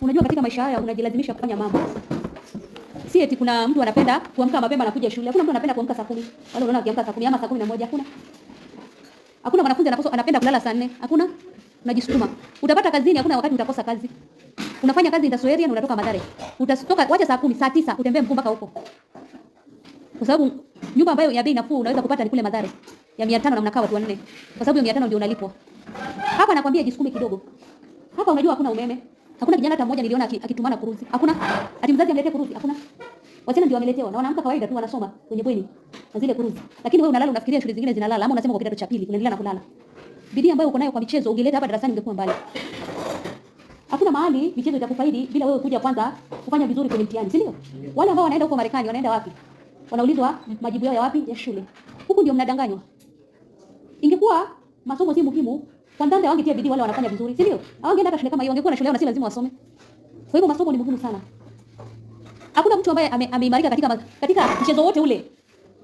Unajua katika maisha haya unajilazimisha kufanya mambo. Si eti kuna mtu anapenda kuamka mapema na kuja shule. Hakuna mtu anapenda kuamka saa 10. Wale unaona akiamka saa 10 ama saa 11 hakuna. Hakuna mwanafunzi anaposo anapenda kulala saa 4. Hakuna. Unajisukuma. Utapata kazini hakuna wakati utakosa kazi. Unafanya kazi Ndasoeria na unatoka Mathare. Utatoka wacha saa 10, saa 9 utembee mkumbaka huko. Kwa sababu nyumba ambayo ya bei nafuu unaweza kupata ni kule Mathare ya 500 na mnakaa watu wanne. Kwa sababu ya 500 ndio unalipwa. Hapa nakwambia jisukume kidogo. Hapa unajua hakuna umeme. Hakuna kijana hata mmoja niliona akitumana kuruzi. Hakuna. Ati mzazi amletee kuruzi. Hakuna. Wachana ndio wameletewa. Na wanaamka kawaida tu wanasoma kwenye bweni. Na zile kuruzi. Lakini wewe unalala unafikiria shule zingine zinalala ama unasema kwa kidato cha pili unaendelea na kulala. Bidii ambayo uko nayo kwa michezo ungeleta hapa darasani ungekuwa mbali. Hakuna mahali michezo itakufaidi bila wewe kuja kwanza kufanya vizuri kwenye mtihani, si ndio? Wale ambao wanaenda huko Marekani wanaenda wapi? Wanaulizwa majibu yao ya wapi? Ya shule. Huku ndio mnadanganywa. Ingekuwa masomo si muhimu, kwanza wangetia bidii wale wanafanya vizuri, si ndio? Hawangeenda hata shule kama hiyo, wangekuwa na shule na si lazima wasome. Kwa hivyo masomo ni muhimu sana. Hakuna mtu ambaye ameimarika ame katika katika mchezo wote ule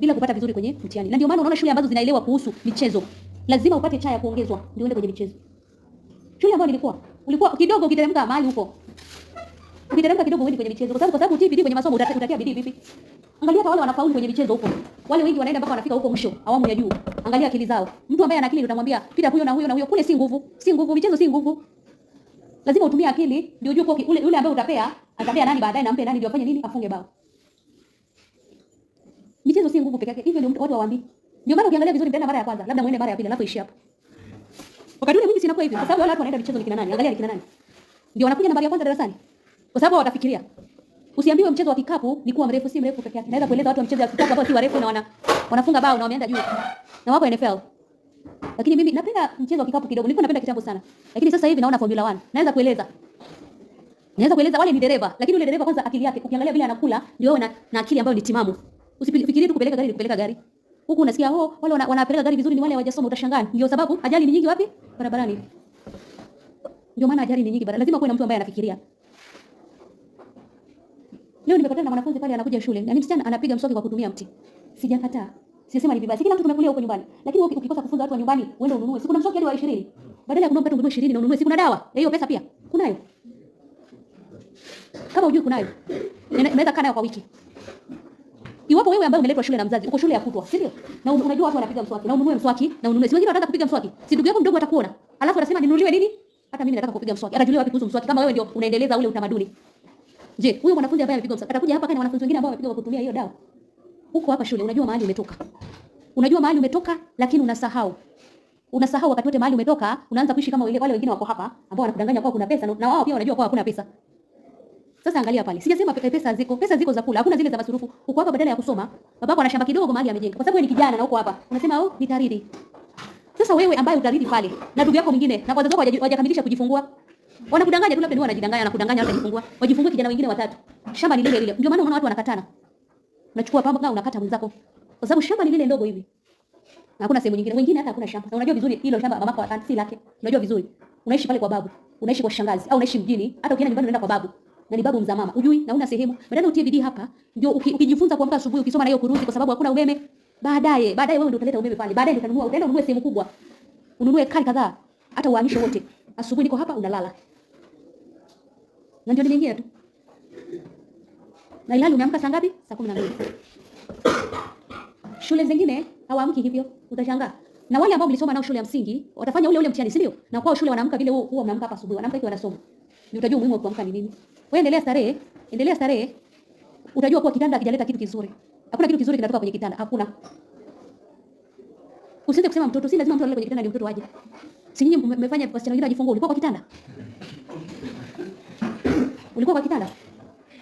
bila kupata vizuri kwenye mtihani. Na ndio maana unaona shule ambazo zinaelewa kuhusu michezo, lazima upate chaya kuongezwa ndio uende kwenye michezo. Shule ambayo nilikuwa, ulikuwa kidogo ukiteremka mahali huko. Ukiteremka kidogo uende kwenye michezo kwa sababu kwa sababu utii bidii kwenye masomo utatia bidii vipi? Angalia hata wale wanafaulu kwenye michezo huko. Wale wengi wanaenda mpaka wanafika huko mwisho, awamu ya juu. Angalia akili zao. Mtu ambaye ana akili utamwambia pita huyo na huyo na huyo, kule si nguvu, si nguvu, michezo si nguvu. Lazima utumie akili ndio ujue kwa ule yule ambaye utapea, atapea nani baadaye nampe nani ndio afanye nini, afunge bao. Michezo si nguvu pekee yake. Hivyo ndio watu waambii. Ndio maana ukiangalia vizuri mtaenda mara ya kwanza, labda muende mara ya pili alafu ishi hapo. Wakati ule mimi sinakuwa hivyo, kwa sababu wale watu wanaenda michezo ni kina nani? Angalia ni kina nani. Ndio wanakuja nambari ya kwanza darasani. Kwa sababu watafikiria Usiambiwe mchezo wa kikapu ni kuwa mrefu, si mrefu peke yake. Naweza kueleza watu wa mchezo wa kikapu ambao si warefu na wana wanafunga bao na wameenda juu. Na wako NFL. Lakini mimi napenda mchezo wa kikapu kidogo. Nilikuwa napenda kitambo sana. Lakini sasa hivi naona Formula 1. Naweza kueleza. Naweza kueleza wale ni dereva, lakini yule dereva kwanza akili yake ukiangalia vile anakula ndio wewe na, na akili ambayo ni timamu. Usifikirie tu kupeleka gari ni kupeleka gari. Huko unasikia oh, wale wana, wanapeleka gari vizuri ni wale hawajasoma utashangaa. Ndio sababu ajali ni nyingi wapi? Barabarani. Ndio maana ajali ni nyingi barabarani. Lazima kuwe na mtu ambaye anafikiria. Leo nimepatana na mwanafunzi pale anakuja shule. na Yaani msichana anapiga mswaki kwa kutumia mti. Sijakataa. Sisema ni vibaya. Kila mtu tumekulia huko nyumbani. Lakini ukikosa kufunza watu wa nyumbani, uende ununue. Sikuna mswaki hadi wa 20. Badala ya kununua mpaka ununue 20 na ununue sikuna dawa. Ya eh, hiyo pesa pia. Kunayo. Kama hujui kunayo. Naweza kana kwa wiki. Iwapo wewe ambaye umeletwa shule na mzazi, uko shule ya kutwa, si ndio? Na unajua watu wanapiga mswaki, na ununue mswaki, na ununue. Si wengine wanataka kupiga mswaki. Si ndugu yako mdogo atakuona. Alafu anasema ninunuliwe nini? Hata mimi nataka kupiga mswaki. Atajulia wapi kuhusu mswaki kama wewe ndio unaendeleza ule utamaduni. Je, huyo mwanafunzi ambaye amepigwa msasa atakuja hapa kana wanafunzi wengine ambao wamepigwa kwa kutumia hiyo dawa? Huko hapa shule, unajua mahali umetoka. Unajua mahali umetoka lakini unasahau. Unasahau wakati wote mahali umetoka, unaanza kuishi kama wale wengine wako hapa ambao wanakudanganya kwa kuna pesa na wao pia wanajua kwa hakuna pesa. Sasa angalia pale. Sijasema pesa ziko, pesa ziko za kula, hakuna zile za masurufu. Uko hapa badala ya kusoma, babako ana shamba kidogo mahali amejenga. Kwa sababu wewe ni kijana na uko hapa. Unasema au oh, nitaridi. Sasa wewe ambaye utaridi pale na ndugu yako mwingine na kwa sababu hawajakamilisha kujifungua, Wanakudanganya tu, labda ndio wanajidanganya na kudanganya, labda jifungua. Wajifungue kijana wengine watatu. Shamba ni lile lile. Ndio maana unaona watu wanakatana. Unachukua pamba kama unakata mwenzako. Kwa sababu shamba ni lile ndogo hivi. Hakuna sehemu nyingine. Wengine hata hakuna shamba. Na unajua vizuri hilo shamba mamako hata si lake. Unajua vizuri. Unaishi pale kwa babu, unaishi kwa shangazi au unaishi mjini, hata ukienda nyumbani unaenda kwa babu. Na ni babu mzaa mama. Ujui na una sehemu. Badala utie bidii hapa, ndio ukijifunza kuamka asubuhi ukisoma na hiyo kurudi kwa sababu hakuna umeme. Baadaye, baadaye wewe ndio utaleta umeme pale. Baadaye utanunua, utaenda ununue sehemu kubwa. Ununue kali kadhaa, hata uhamishe wote. Asubuhi niko hapa unalala. Na ndio niliingia tu. Na ilali umeamka saa ngapi? Saa 12. Shule zingine hawaamki hivyo, utashangaa. Na wale ambao mlisoma nao shule ya msingi, watafanya ule ule mtihani, si ndio? Na kwao shule wanaamka vile wao huwa wanaamka hapa asubuhi, wanaamka hivi wanasoma. Ni utajua umuhimu wa kuamka ni nini. Wewe endelea starehe, endelea starehe. Utajua kuwa kitanda hakijaleta kitu kizuri. Hakuna kitu kizuri kinatoka kwenye kitanda, hakuna. Usiende kusema mtoto, si lazima mtu alale kwenye kitanda ndio mtoto aje. Si nyinyi mmefanya wasichana wengine wajifungua, ulikuwa kwa kitanda. Ulikuwa kwa kitanda?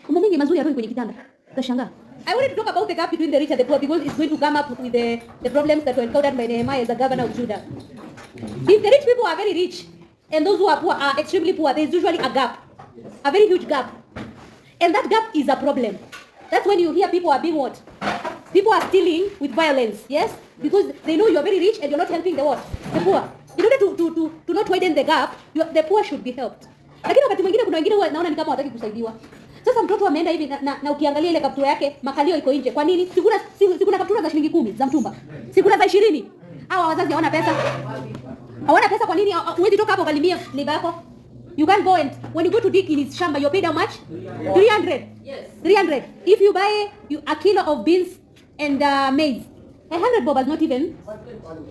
Mambo mengi mazuri kwenye kitanda. Utashangaa. I wanted to talk about the gap between the rich and the poor because it's going to come up with the, the problems that were encountered by Nehemiah as a governor of Judah. If the rich people are very rich and those who are poor are extremely poor, there's usually a gap, a very huge gap. And that gap is a problem. That's when you hear people are being what? People are stealing with violence, yes? Because they know you're very rich and you're not helping the what? The poor. In order to, to, to, to not widen the gap, the poor should be helped. Lakini wakati mwingine kuna wengine huwa naona ni kama hawataki kusaidiwa. Sasa mtoto ameenda hivi na, na, na ukiangalia ile kaptura yake makalio iko nje. Kwa nini? Sikuna sikuna si, kaptura za shilingi kumi za mtumba. Sikuna za 20. Hawa wazazi hawana pesa. Hawana pesa kwa nini? Huwezi toka hapo ukalimie liba yako. You can go and when you go to dig in his shamba you paid how much? 300. Yes. 300. If you buy you, a kilo of beans and uh, maize A hundred bob is not even.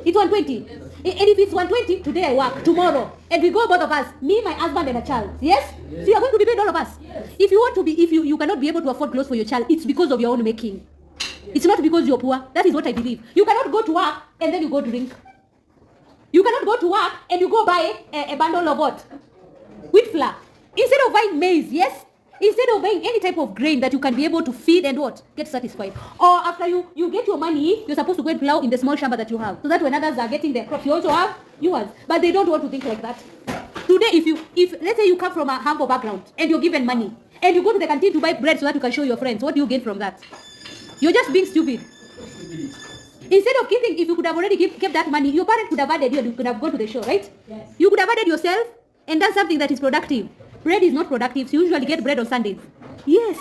It's 120. And if it's 120, today I work, tomorrow. And we go both of us, me, my husband, and a child. Yes? yes. So you are going to be paid all of us. Yes. If you want to be, if you, you cannot be able to afford clothes for your child, it's because of your own making. It's not because you're poor. That is what I believe. You cannot go to work and then you go drink. You cannot go to work and you go buy a, a bundle of what? Wheat flour. Instead of buying maize, yes? Instead of buying any type of grain that you can be able to feed and what? Get satisfied. Or after you, you get your money, you're supposed to go and plow in the small shamba that you have. So that when others are getting their crops, you also have yours. But they don't want to think like that. Today, if you, if let's say you come from a humble background and you're given money and you go to the canteen to buy bread so that you can show your friends, what do you gain from that? You're just being stupid. Instead of giving, if you could have already give, kept that money, your parents could have added you and you could have gone to the show, right? Yes. You could have added yourself and done something that is productive. Bread is not productive. You usually get bread on Sundays. Yes.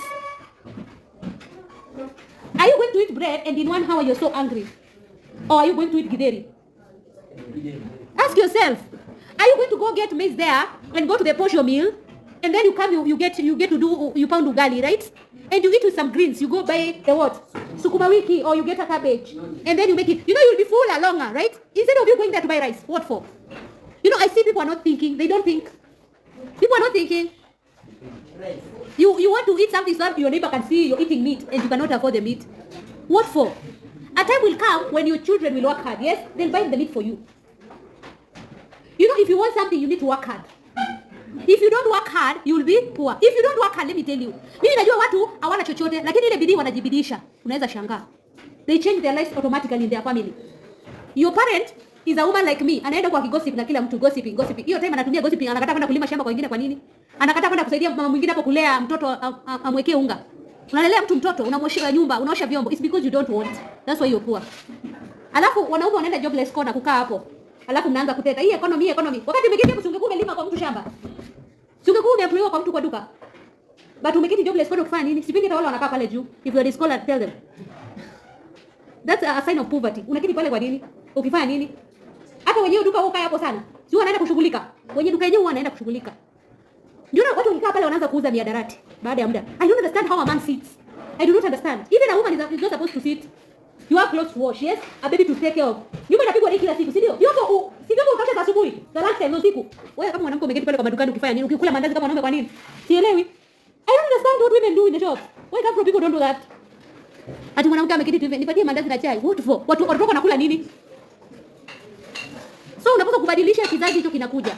Are you going to eat bread and in one hour you're so angry? Or are you going to eat gideri? Ask yourself. Are you going to go get maize there and go to the posho meal? And then you come, you, you get you get to do you pound ugali, right? And you eat with some greens. You go buy the what? Sukuma wiki or you get a cabbage. And then you make it. You know you'll be fuller longer, ah, right? Instead of you going there to buy rice. What for? You know, I see people are not thinking, they don't think. People are not thinking. You, you want to eat something so your neighbor can see you're eating meat and you cannot afford the meat. What for? A time will come when your children will work hard, yes? They'll buy the meat for you. You know, if you want something, you need to work hard. If you don't work hard, you'll be poor. If you don't work hard, let me tell you. Mimi najua watu hawana chochote, lakini ile bidii wanajibidisha. Unaweza shangaa. They change their lives automatically in their family. Your parent He's a woman like me anaenda kwa kigossip na kila mtu gossip, gossip. Hiyo time anatumia gossip, anakataa kwenda kulima shamba kwa wengine. Kwa nini anakataa kwenda kusaidia mama mwingine hapo kulea mtoto amwekee unga? Unalelea mtu mtoto, unamwoshia nyumba, unaosha vyombo. It's because you don't want. That's why you're poor. Alafu wanaume wanaenda jobless corner kukaa hapo. Alafu mnaanza kuteta. Hii economy, hii economy. Wakati mwingine hapo ungekuwa umelima kwa mtu shamba. Ungekuwa umeemployiwa kwa mtu kwa duka. But umeketi jobless corner kufanya nini? Sipingi wale wanakaa pale juu. If you are a scholar tell them. That's a sign of poverty. Unaketi pale kwa nini? Ukifanya nini? Hata wenyewe duka huko hapo sana. Sio anaenda kushughulika. Wenye duka yenyewe anaenda kushughulika. Ndio watu wakikaa pale wanaanza kuuza miadarati baada ya muda. I don't understand how a man sits. I do not understand. Even a woman is, not supposed to sit. You are close to wash, yes? A baby to take care of. Nyumba inapigwa ni kila siku, si ndio? Vyombo si vyombo ukasha za asubuhi. Za lunch time usiku. Wewe kama mwanamke umeketi pale kwa madukani ukifanya nini? Ukikula mandazi kama mwanamke kwa nini? Sielewi. I don't understand what women do in the shop. Why can't people don't do that? Ati mwanamke ameketi tu hivi, nipatie mandazi na chai. What for? Watu watoka kula nini? Tunapaswa kubadilisha kizazi hicho kinakuja.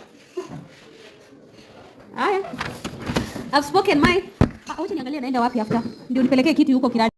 Haya. I've spoken my. Ah, Acha niangalie naenda wapi after. Ndio nipelekee kitu huko kirani.